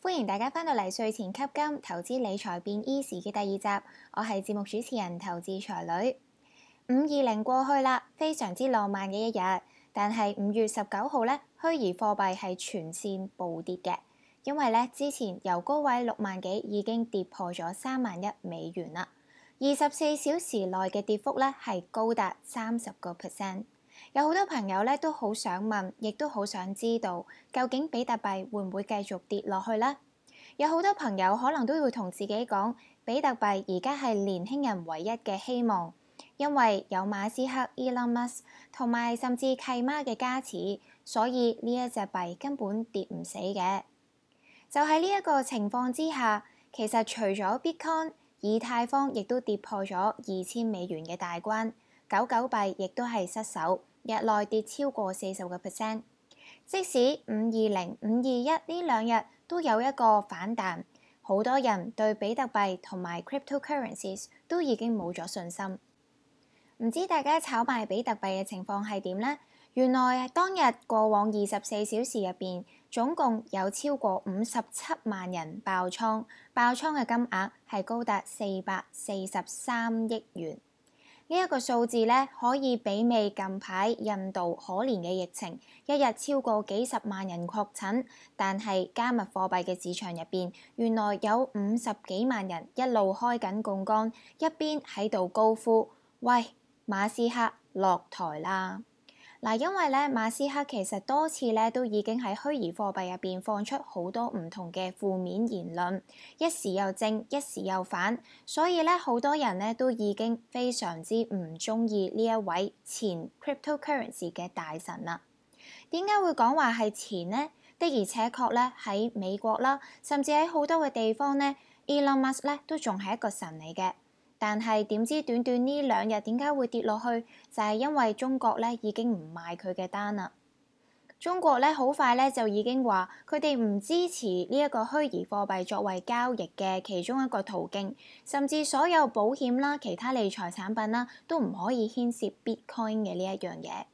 歡迎大家返到嚟睡前吸金投資理財變 Easy 嘅第二集，我係節目主持人投資才女，五二零過去啦，非常之浪漫嘅一日。但係五月十九號咧，虛擬貨幣係全線暴跌嘅，因為咧之前由高位六萬幾已經跌破咗三萬一美元啦。二十四小時內嘅跌幅咧係高達三十個 percent。有好多朋友咧都好想問，亦都好想知道究竟比特幣會唔會繼續跌落去呢？有好多朋友可能都會同自己講，比特幣而家係年輕人唯一嘅希望，因為有馬斯克 Elon Musk 同埋甚至契媽嘅加持，所以呢一隻幣根本跌唔死嘅。就喺呢一個情況之下，其實除咗 Bitcoin，以太坊亦都跌破咗二千美元嘅大關，狗狗幣亦都係失守。日內跌超過四十個 percent，即使五二零、五二一呢兩日都有一個反彈，好多人對比特幣同埋 cryptocurrencies 都已經冇咗信心。唔知大家炒賣比特幣嘅情況係點呢？原來當日過往二十四小時入邊總共有超過五十七萬人爆倉，爆倉嘅金額係高達四百四十三億元。呢一個數字呢，可以媲美近排印度可憐嘅疫情，一日超過幾十萬人確診。但係加密貨幣嘅市場入邊，原來有五十幾萬人一路開緊槓桿，一邊喺度高呼：喂，馬斯克落台啦！嗱，因為咧馬斯克其實多次咧都已經喺虛擬貨幣入面放出好多唔同嘅負面言論，一時又正，一時又反，所以呢，好多人呢都已經非常之唔鍾意呢一位前 cryptocurrency 嘅大神啦。點解會講話係前呢？的而且確呢，喺美國啦，甚至喺好多嘅地方呢，Elon Musk 咧都仲係一個神嚟嘅。但係點知短短呢兩日點解會跌落去？就係因為中國咧已經唔賣佢嘅單啦。中國咧好快咧就已經話佢哋唔支持呢一個虛擬貨幣作為交易嘅其中一個途徑，甚至所有保險啦、其他理財產品啦都唔可以牽涉 Bitcoin 嘅呢一樣嘢。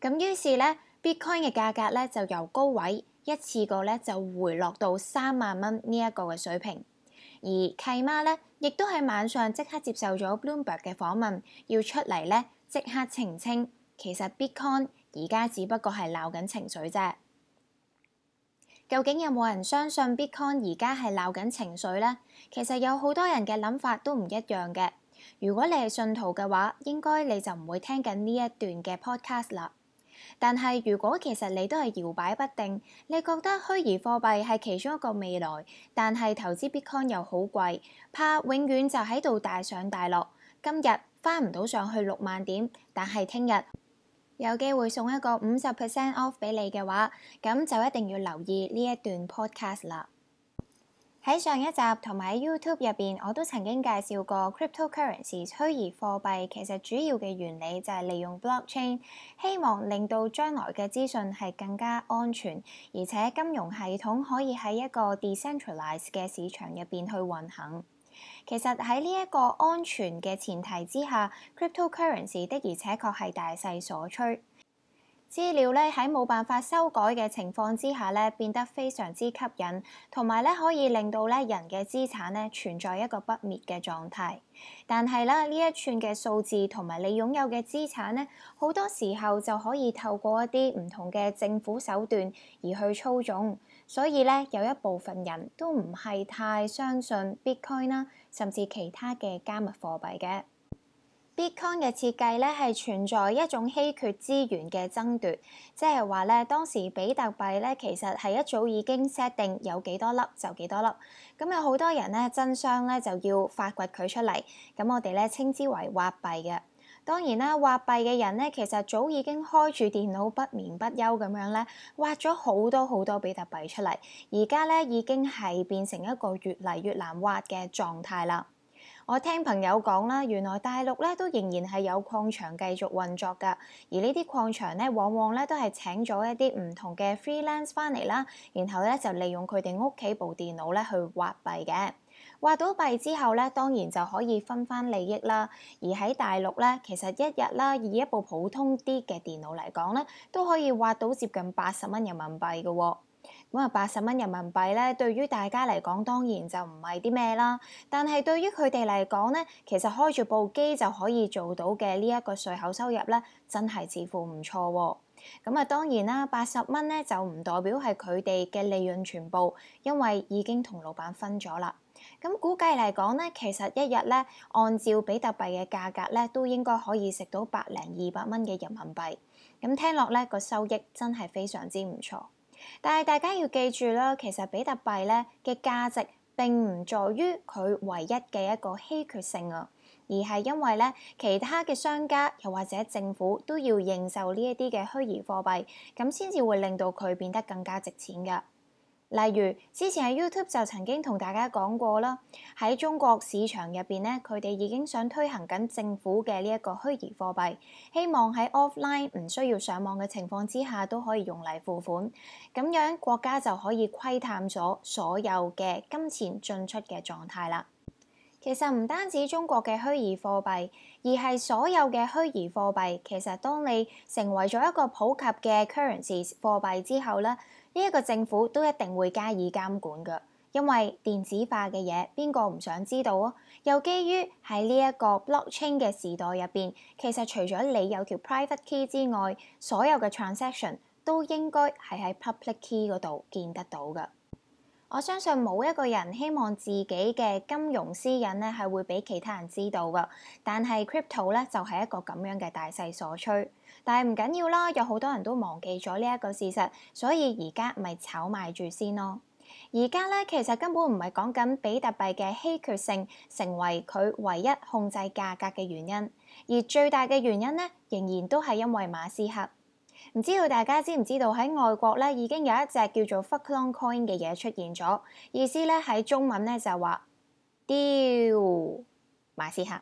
咁於是咧，Bitcoin 嘅價格咧就由高位一次過咧就回落到三萬蚊呢一個嘅水平。而契媽呢，亦都喺晚上即刻接受咗 Bloomberg 嘅訪問，要出嚟呢，即刻澄清，其實 Bitcoin 而家只不過係鬧緊情緒啫。究竟有冇人相信 Bitcoin 而家係鬧緊情緒呢？其實有好多人嘅諗法都唔一樣嘅。如果你係信徒嘅話，應該你就唔會聽緊呢一段嘅 Podcast 啦。但係，如果其實你都係搖擺不定，你覺得虛擬貨幣係其中一個未來，但係投資 Bitcoin 又好貴，怕永遠就喺度大上大落，今日翻唔到上去六萬點，但係聽日有機會送一個五十 percent off 俾你嘅話，咁就一定要留意呢一段 podcast 啦。喺上一集同埋喺 YouTube 入邊，我都曾經介紹過 cryptocurrency 虛擬貨幣。其實主要嘅原理就係利用 blockchain，希望令到將來嘅資訊係更加安全，而且金融系統可以喺一個 decentralised 嘅市場入邊去運行。其實喺呢一個安全嘅前提之下，cryptocurrency 的而且確係大勢所趨。資料咧喺冇辦法修改嘅情況之下咧，變得非常之吸引，同埋咧可以令到咧人嘅資產咧存在一個不滅嘅狀態。但係咧，呢一串嘅數字同埋你擁有嘅資產咧，好多時候就可以透過一啲唔同嘅政府手段而去操縱。所以咧，有一部分人都唔係太相信 Bitcoin 啦，甚至其他嘅加密貨幣嘅。Bitcoin 嘅設計咧，係存在一種稀缺資源嘅爭奪，即係話咧，當時比特幣咧，其實係一早已經 set 定有幾多粒就幾多粒，咁有好多人咧爭相咧就要發掘佢出嚟，咁我哋咧稱之為挖幣嘅。當然啦，挖幣嘅人咧，其實早已經開住電腦不眠不休咁樣咧，挖咗好多好多比特幣出嚟，而家咧已經係變成一個越嚟越難挖嘅狀態啦。我聽朋友講啦，原來大陸咧都仍然係有礦場繼續運作㗎，而呢啲礦場咧往往咧都係請咗一啲唔同嘅 freelance 翻嚟啦，然後咧就利用佢哋屋企部電腦咧去挖幣嘅，挖到幣之後咧當然就可以分翻利益啦。而喺大陸咧，其實一日啦，以一部普通啲嘅電腦嚟講咧，都可以挖到接近八十蚊人民幣嘅喎。咁啊，八十蚊人民幣咧，對於大家嚟講當然就唔係啲咩啦。但係對於佢哋嚟講咧，其實開住部機就可以做到嘅呢一個稅後收入咧，真係似乎唔錯。咁啊，當然啦，八十蚊咧就唔代表係佢哋嘅利潤全部，因為已經同老闆分咗啦。咁估計嚟講咧，其實一日咧，按照比特幣嘅價格咧，都應該可以食到百零二百蚊嘅人民幣。咁聽落咧，個收益真係非常之唔錯。但係大家要記住啦，其實比特幣咧嘅價值並唔在於佢唯一嘅一個稀缺性啊，而係因為咧其他嘅商家又或者政府都要認受呢一啲嘅虛擬貨幣，咁先至會令到佢變得更加值錢噶。例如之前喺 YouTube 就曾經同大家講過啦，喺中國市場入邊咧，佢哋已經想推行緊政府嘅呢一個虛擬貨幣，希望喺 offline 唔需要上網嘅情況之下都可以用嚟付款，咁樣國家就可以窺探咗所有嘅金錢進出嘅狀態啦。其實唔單止中國嘅虛擬貨幣，而係所有嘅虛擬貨幣，其實當你成為咗一個普及嘅 currency 貨幣之後咧。呢一個政府都一定會加以監管嘅，因為電子化嘅嘢，邊個唔想知道啊？又基於喺呢一個 blockchain 嘅時代入面，其實除咗你有條 private key 之外，所有嘅 transaction 都應該係喺 public key 嗰度見得到嘅。我相信冇一個人希望自己嘅金融私隱呢係會俾其他人知道㗎，但係 Crypto 呢就係一個咁樣嘅大勢所趨。但係唔緊要啦，有好多人都忘記咗呢一個事實，所以而家咪炒賣住先咯。而家呢其實根本唔係講緊比特幣嘅稀缺性成為佢唯一控制價格嘅原因，而最大嘅原因呢，仍然都係因為馬斯克。唔知道大家知唔知道喺外國咧已經有一隻叫做 Fuckelon Coin 嘅嘢出現咗，意思咧喺中文咧就話屌馬斯克，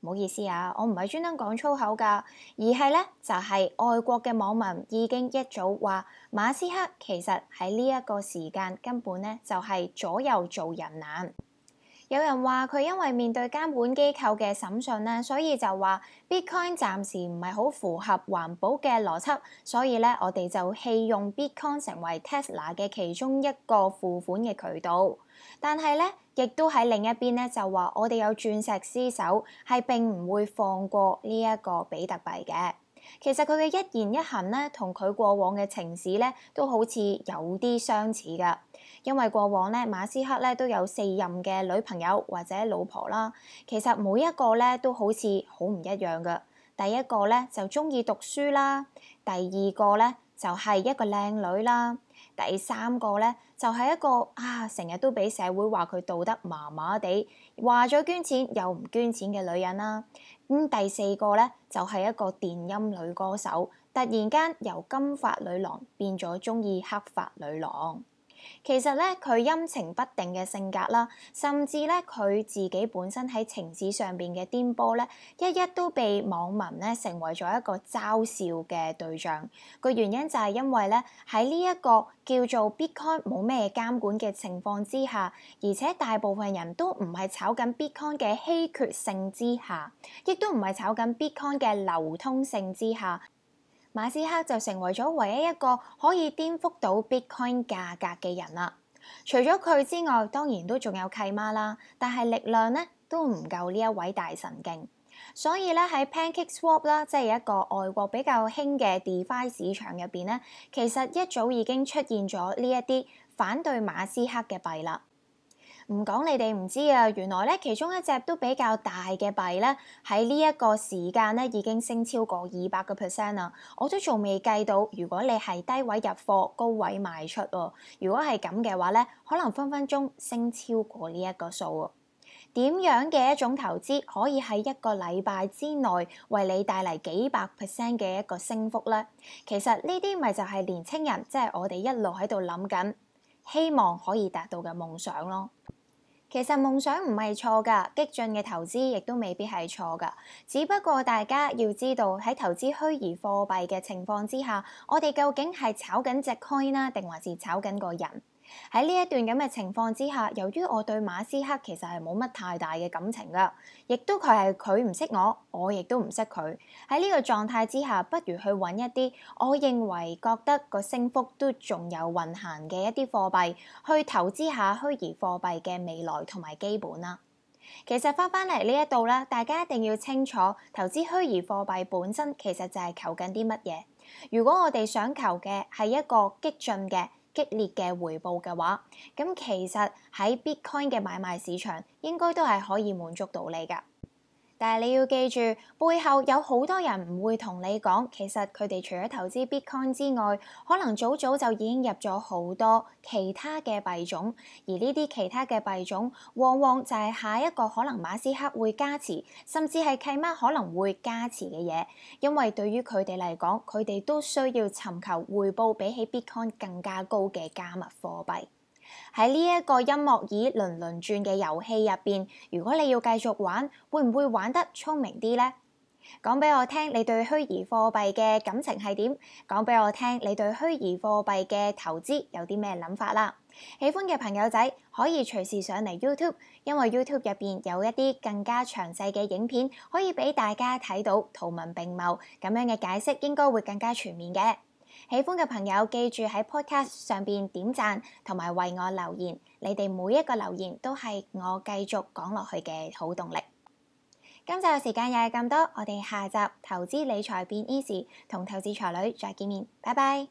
唔好意思啊，我唔係專登講粗口噶，而係咧就係外國嘅網民已經一早話馬斯克其實喺呢一個時間根本咧就係左右做人難。有人話佢因為面對監管機構嘅審訊呢，所以就話 Bitcoin 暫時唔係好符合環保嘅邏輯，所以呢，我哋就棄用 Bitcoin 成為 Tesla 嘅其中一個付款嘅渠道。但係呢，亦都喺另一邊呢，就話我哋有鑽石獅手係並唔會放過呢一個比特幣嘅。其實佢嘅一言一行呢，同佢過往嘅情史呢都好似有啲相似㗎。因為過往咧，馬斯克咧都有四任嘅女朋友或者老婆啦。其實每一個咧都好似好唔一樣㗎。第一個咧就鍾意讀書啦，第二個咧就係一個靚女啦，第三個咧就係一個啊，成日都俾社會話佢道德麻麻地，話咗捐錢又唔捐錢嘅女人啦。咁、嗯、第四個咧就係一個電音女歌手，突然間由金髮女郎變咗鍾意黑髮女郎。其實咧，佢陰晴不定嘅性格啦，甚至咧佢自己本身喺情史上邊嘅顛簸咧，一一都被網民咧成為咗一個嘲笑嘅對象。個原因就係因為咧喺呢一個叫做 Bitcoin 冇咩監管嘅情況之下，而且大部分人都唔係炒緊 Bitcoin 嘅稀缺性之下，亦都唔係炒緊 Bitcoin 嘅流通性之下。馬斯克就成為咗唯一一個可以顛覆到 Bitcoin 價格嘅人啦。除咗佢之外，當然都仲有契媽啦，但係力量咧都唔夠呢一位大神經。所以咧喺 Pancake Swap 啦，即係一個外國比較興嘅 DeFi 市場入面咧，其實一早已經出現咗呢一啲反對馬斯克嘅幣啦。唔講你哋唔知啊，原來咧其中一隻都比較大嘅幣咧，喺呢一個時間咧已經升超過二百個 percent 啦。我都仲未計到，如果你係低位入貨、高位賣出喎，如果係咁嘅話咧，可能分分鐘升超過呢一個數啊。點樣嘅一種投資可以喺一個禮拜之內為你帶嚟幾百 percent 嘅一個升幅咧？其實呢啲咪就係年青人，即係我哋一路喺度諗緊，希望可以達到嘅夢想咯。其實夢想唔係錯㗎，激進嘅投資亦都未必係錯㗎。只不過大家要知道，喺投資虛擬貨幣嘅情況之下，我哋究竟係炒緊隻 coin 啦，定還是炒緊個人？喺呢一段咁嘅情況之下，由於我對馬斯克其實係冇乜太大嘅感情㗎，亦都佢係佢唔識我，我亦都唔識佢。喺呢個狀態之下，不如去揾一啲我認為覺得個升幅都仲有運行嘅一啲貨幣去投資下虛擬貨幣嘅未來同埋基本啦。其實返返嚟呢一度呢，大家一定要清楚投資虛擬貨幣本身其實就係求緊啲乜嘢。如果我哋想求嘅係一個激進嘅。激烈嘅回報嘅話，咁其實喺 Bitcoin 嘅買賣市場應該都係可以滿足到你嘅。但係你要記住，背後有好多人唔會同你講，其實佢哋除咗投資 Bitcoin 之外，可能早早就已經入咗好多其他嘅幣種，而呢啲其他嘅幣種，往往就係下一個可能馬斯克會加持，甚至係契媽可能會加持嘅嘢，因為對於佢哋嚟講，佢哋都需要尋求回報比起 Bitcoin 更加高嘅加密貨幣。喺呢一個音樂椅輪輪轉嘅遊戲入邊，如果你要繼續玩，會唔會玩得聰明啲呢？講俾我聽你對虛擬貨幣嘅感情係點？講俾我聽你對虛擬貨幣嘅投資有啲咩諗法啦？喜歡嘅朋友仔可以隨時上嚟 YouTube，因為 YouTube 入邊有一啲更加詳細嘅影片，可以俾大家睇到圖文並茂咁樣嘅解釋，應該會更加全面嘅。喜歡嘅朋友，記住喺 podcast 上面點讚同埋為我留言。你哋每一個留言都係我繼續講落去嘅好動力。今集嘅時間又係咁多，我哋下集投資理財變 easy，同投資才女再見面，拜拜。